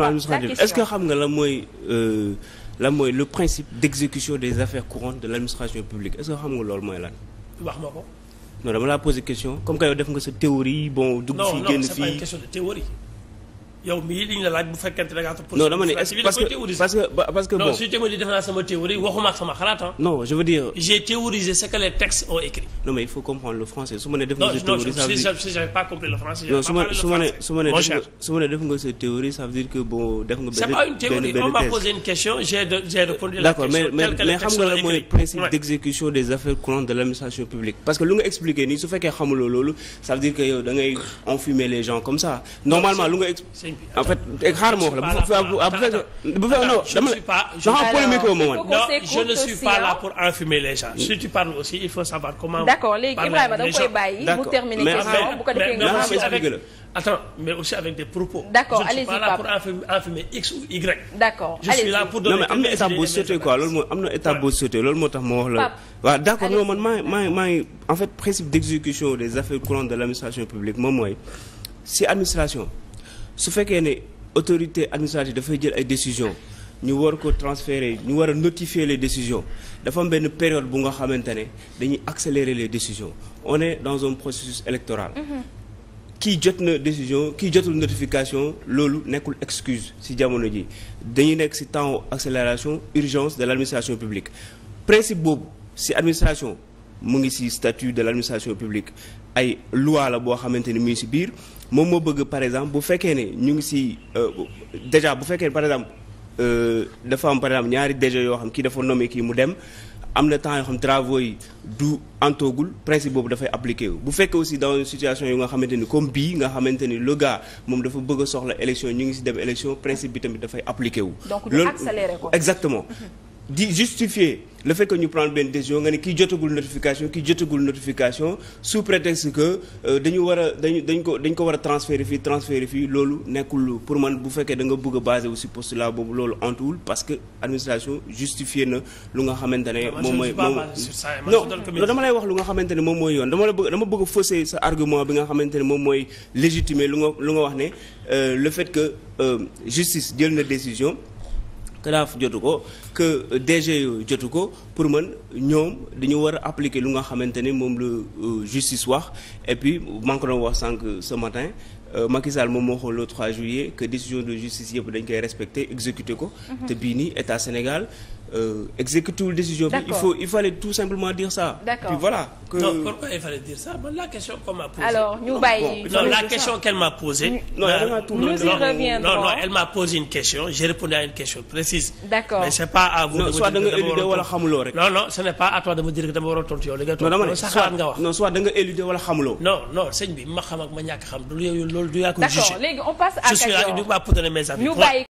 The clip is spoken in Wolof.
Ah, est-ce que xam nga la mooy euh, la mooy le principe d'exécution des affaires courantes de l'administration publique est-ce que xam nga loolu mooy lan. wax ma dama laa poser question comme que yow def nga sa théorie bon. dugg fii génn fii yow non je veux dire. j'ai théorisé ce que les textes ont écrit. non mais il faut comprendre le français su ma def nga sa théorie. ça veut dire que bon def nga. benn théorie on m'a posé une question j'ai de la question. mais mais principe d'exécution des affaires courantes de l'administration publique. parce que lu nga expliqué nii su fekkee xamuloo loolu ça veut dire que yow enfumer les gens comme ça normalement lu nga sëriñ bi. en fait xaar la bu fa bu fekkee bu fekkee non dama ne. je ne suis pas là pour enfumer les gens. si tu parles aussi il faut savoir comment. d'accord léegi Ibrahima da nga koy bàyyi mu terminer question bu propos. D'accord, allez-y Pape. Je X ou Y. D'accord, allez-y. pou suis là pour donner. Non mais am na état boo seetee quoi loolu moo am na état boo ma man maa ngi maa ngi maa ngi en fait principe d'exécution des affaires courantes de l'administration publique moom si administration. su fekkee ne autorité administrative dafay jël ay décisions ñu war ko transférer ñu war a notifier les décisions dafa am benn période bu nga xamante ne dañuy accélérer les décisions on est dans un processus électoral. Mhm. kii jot na décision kii jotul notification loolu nekkul excuse ci jamono ji dañuy nekk ci temps accélération urgence de l'administration publique principe boobu ci administration. mu ngi si statut de l'administration publique ay loi la boo xamante ni mu ngi si biir moom moo bëgg par exemple bu fekkee ne ñu ngi si euh, déjà bu fekkee ne par exemple euh, dafa am par exemple ñaari DG yoo xam kii dafa nommé mu dem am na temps yoo yi du antoogul principe boobu dafay appliqué wu bu fekkee aussi dans une situation yu nga xamante ni comme bii nga xamante ni le gars moom dafa bëgg soxla élection ñu ngi si dem élection principe bi tamit dafay appliqué wu. donc ñu accéléré ko exactement. Mm-hmm. di justifier le fait que ñu prendre benn décision nga ne kii jotagul notification kii jotagul notification sous prétexte que euh, dañu war a dañu dañ ko dañ ko war a transférer fii transférer fii loolu nekkul pour man bu fekkee da nga bëgg a basé aussi postulat boobu loolu antuwul parce que administration justifié na lu nga xamante ne moom mooy moom non dama lay wax lu nga xamante ne moom mooy yoon dama la bëgg dama bëgg a fausser sa argument bi nga xamante ne moom mooy légitimer lu nga lu nga wax ne euh, le fait que euh, justice jël na décision CRAF jotu ko que DG jotu ko pour man ñoom dañu war a appliquer lu nga xamante ni moom la euh, justice wax et puis maa ngi ko doon wax sànq ce matin Euh, Macky moom moo xool le juillet que décision de justice yëpp dañ koy respecter exécuter ko. Mhm. te bii état Sénégal euh, exécuter décision bi. il faut il fallait tout simplement dire ça. puis voilà que non pourquoi la question qu'on m'a posée. alors ñu bàyyi non la question qu'elle m'a posée. Euh, non non elle m'a posé une question j'ai répondu à une question précise. d'accord non soit da nga éluder wala xamuloo rek. non non ce a bi ma xam ak ma ñàkk xam loolu D'accord, léegi on à Kajoor. Je suis là uniquement pour donner mes